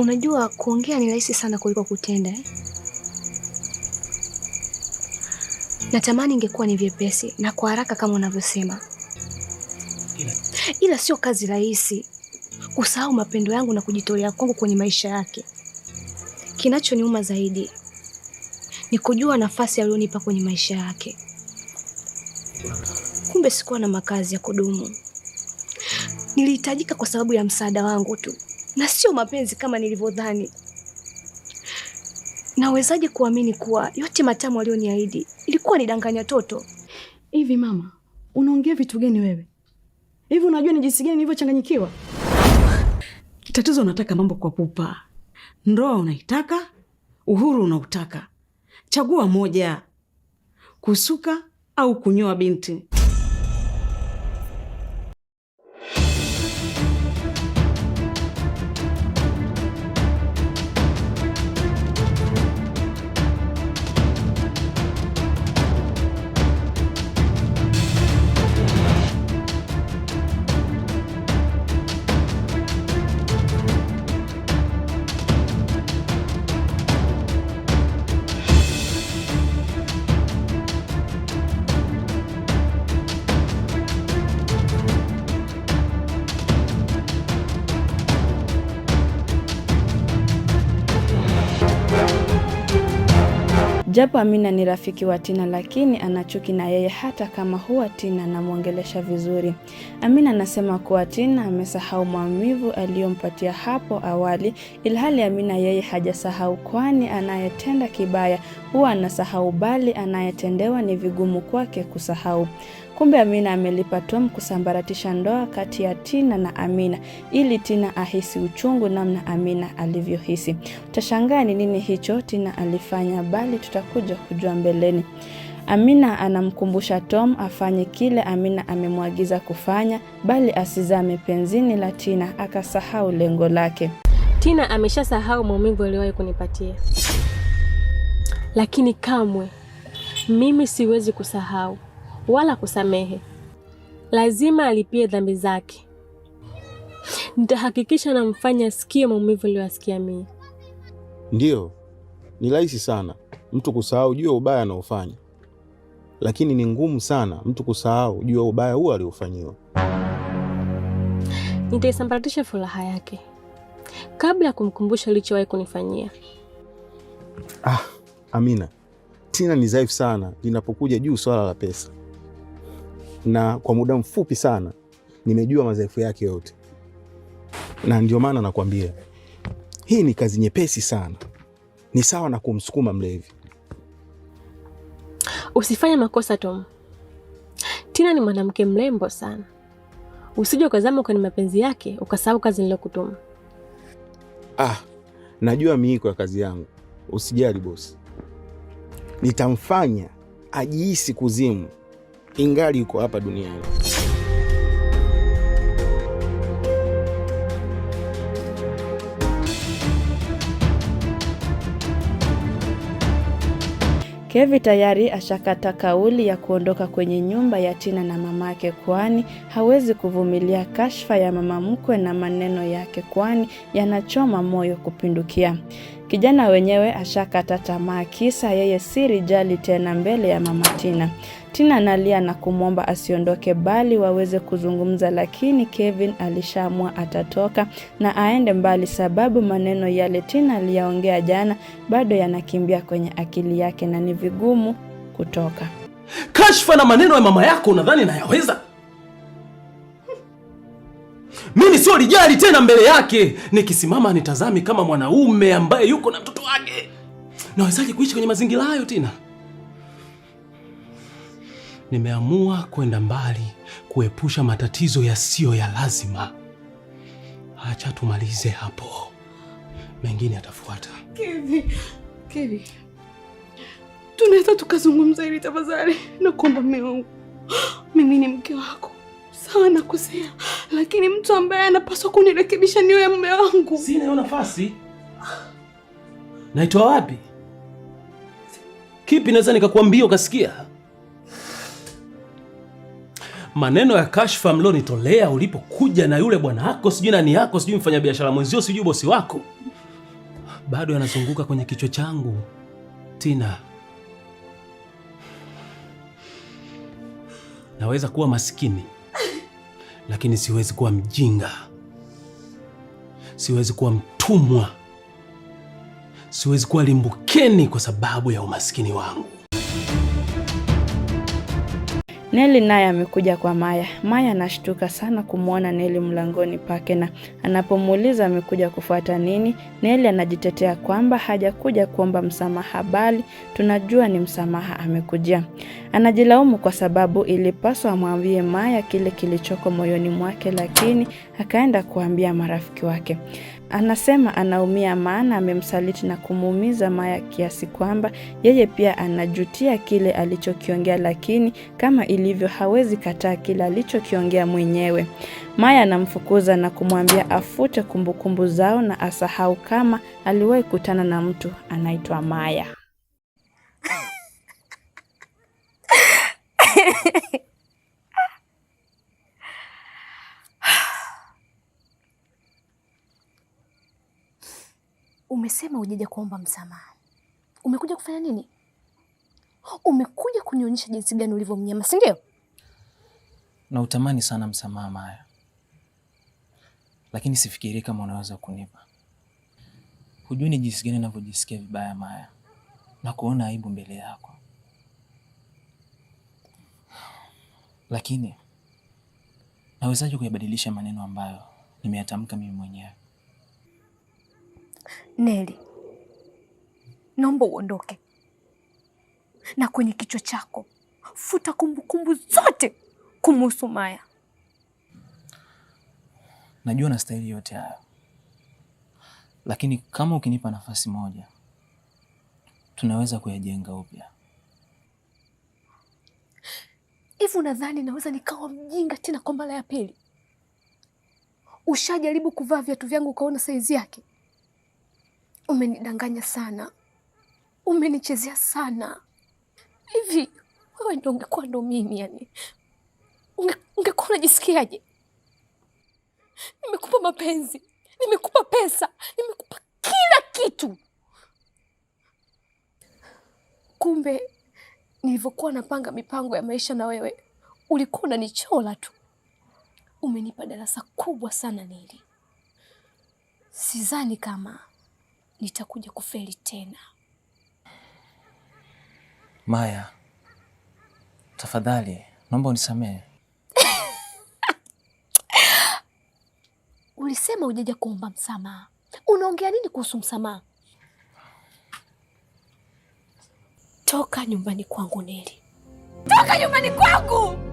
Unajua kuongea ni rahisi sana kuliko kutenda eh? Natamani ingekuwa ni vyepesi na kwa haraka kama unavyosema, ila sio kazi rahisi kusahau mapendo yangu na kujitolea kwangu kwenye maisha yake. Kinachoniuma zaidi ni kujua nafasi aliyonipa kwenye maisha yake. Kumbe sikuwa na makazi ya kudumu, nilihitajika kwa sababu ya msaada wangu tu na sio mapenzi kama nilivyodhani. Nawezaje kuamini kuwa yote matamu aliyoniahidi ilikuwa ni danganya toto? Hivi mama, unaongea vitu gani wewe? Hivi unajua ni jinsi gani nilivyochanganyikiwa? Tatizo unataka mambo kwa pupa, ndoa unaitaka, uhuru unautaka. Chagua moja, kusuka au kunyoa binti. Japo Amina ni rafiki wa Tina lakini ana chuki na yeye hata kama huwa Tina anamwongelesha vizuri. Amina anasema kuwa Tina amesahau maumivu aliyompatia hapo awali, ilhali Amina yeye hajasahau, kwani anayetenda kibaya huwa anasahau, bali anayetendewa ni vigumu kwake kusahau. Kumbe Amina amelipa Tom kusambaratisha ndoa kati ya Tina na Amina ili Tina ahisi uchungu namna Amina alivyohisi. Utashangaa ni nini hicho Tina alifanya, bali tutakuja kujua mbeleni. Amina anamkumbusha Tom afanye kile Amina amemwagiza kufanya, bali asizame penzini la Tina akasahau lengo lake. Tina ameshasahau maumivu aliyowahi kunipatia, lakini kamwe mimi siwezi kusahau wala kusamehe. Lazima alipie dhambi zake. Nitahakikisha namfanya asikie maumivu aliyoyasikia mimi. Ndiyo, ni rahisi sana mtu kusahau juu ya ubaya anaofanya, lakini ni ngumu sana mtu kusahau juu ya ubaya huo aliofanyiwa. Nitaisambaratisha furaha yake kabla ya kumkumbusha alichowahi kunifanyia. Ah, Amina, Tina ni dhaifu sana linapokuja juu swala la pesa na kwa muda mfupi sana nimejua madhaifu yake yote, na ndio maana nakwambia hii ni kazi nyepesi sana, ni sawa na kumsukuma mlevi. Usifanye makosa Tom. Tina ni mwanamke mrembo sana, usije ukazama kwenye mapenzi yake ukasahau kazi nilokutuma. Ah, najua miiko ya kazi yangu. Usijali bosi, nitamfanya ajihisi kuzimu ingali yuko hapa duniani. Kevi tayari ashakata kauli ya kuondoka kwenye nyumba ya Tina na mamake, kwani hawezi kuvumilia kashfa ya mama mkwe na maneno yake, kwani yanachoma moyo kupindukia. Kijana wenyewe ashakata tamaa, kisa yeye si rijali tena mbele ya mama Tina. Tina analia na kumwomba asiondoke bali waweze kuzungumza, lakini Kevin alishaamua atatoka na aende mbali, sababu maneno yale Tina aliyaongea jana bado yanakimbia kwenye akili yake na ni vigumu kutoka. Kashfa na maneno ya mama yako unadhani nayaweza? Mimi sio lijali tena mbele yake, nikisimama nitazami kama mwanaume ambaye yuko na mtoto wake. Nawezaje kuishi kwenye mazingira hayo Tina? Nimeamua kwenda mbali kuepusha matatizo yasiyo ya lazima. Acha tumalize hapo, mengine yatafuata. Kevi, Kevi, tunaweza tukazungumza hili tafadhali? Na kuomba mume wangu, mimi ni mke wako sawa, nakosea, lakini mtu ambaye anapaswa kunirekebisha niwe mume wangu. Sina hiyo nafasi. naitoa wapi? Kipi naweza nikakwambia ukasikia? maneno ya kashfa mlionitolea ulipokuja na yule bwana wako sijui nani yako sijui mfanyabiashara mwenzio sijui bosi wako bado yanazunguka kwenye kichwa changu Tina. Naweza kuwa maskini lakini siwezi kuwa mjinga, siwezi kuwa mtumwa, siwezi kuwa limbukeni kwa sababu ya umaskini wangu. Neli naye amekuja kwa Maya. Maya anashtuka sana kumwona Neli mlangoni pake na anapomuuliza amekuja kufuata nini, Neli anajitetea kwamba hajakuja kuomba msamaha bali tunajua ni msamaha amekujia. Anajilaumu kwa sababu ilipaswa amwambie Maya kile kilichoko moyoni mwake lakini akaenda kuambia marafiki wake. Anasema anaumia maana amemsaliti na kumuumiza Maya kiasi kwamba yeye pia anajutia kile alichokiongea lakini kama ili ilivyo, hawezi kataa kile alichokiongea mwenyewe. Maya anamfukuza na kumwambia afute kumbukumbu zao na asahau kama aliwahi kutana na mtu anaitwa Maya. Umesema ujija kuomba msamaha, umekuja kufanya nini? Umekuja kunionyesha jinsi gani ulivyo mnyama, si ndio? Na utamani sana msamaha Maya, lakini sifikiri kama unaweza kunipa. Hujui ni jinsi gani ninavyojisikia vibaya Maya, na kuona aibu mbele yako, lakini nawezaje kuyabadilisha maneno ambayo nimeyatamka mimi mwenyewe? Neli, naomba uondoke na kwenye kichwa chako futa kumbukumbu zote kumuhusu Maya. Najua nastahili yote hayo, lakini kama ukinipa nafasi moja, tunaweza kuyajenga upya. Hivi unadhani naweza nikawa mjinga tena kwa mara ya pili? Ushajaribu kuvaa viatu vyangu ukaona saizi yake? Umenidanganya sana, umenichezea sana. Hivi wewe ndo ungekuwa ndo mimi yani, unge, ungekuwa unajisikiaje? Nimekupa mapenzi, nimekupa pesa, nimekupa kila kitu. Kumbe nilivyokuwa napanga mipango ya maisha na wewe ulikuwa unanichola tu. Umenipa darasa kubwa sana nili, sidhani kama nitakuja kufeli tena. Maya, tafadhali naomba unisamehe. Ulisema ujaja kuomba msamaha. Unaongea nini kuhusu msamaha? Toka nyumbani kwangu, Neli! Toka nyumbani kwangu!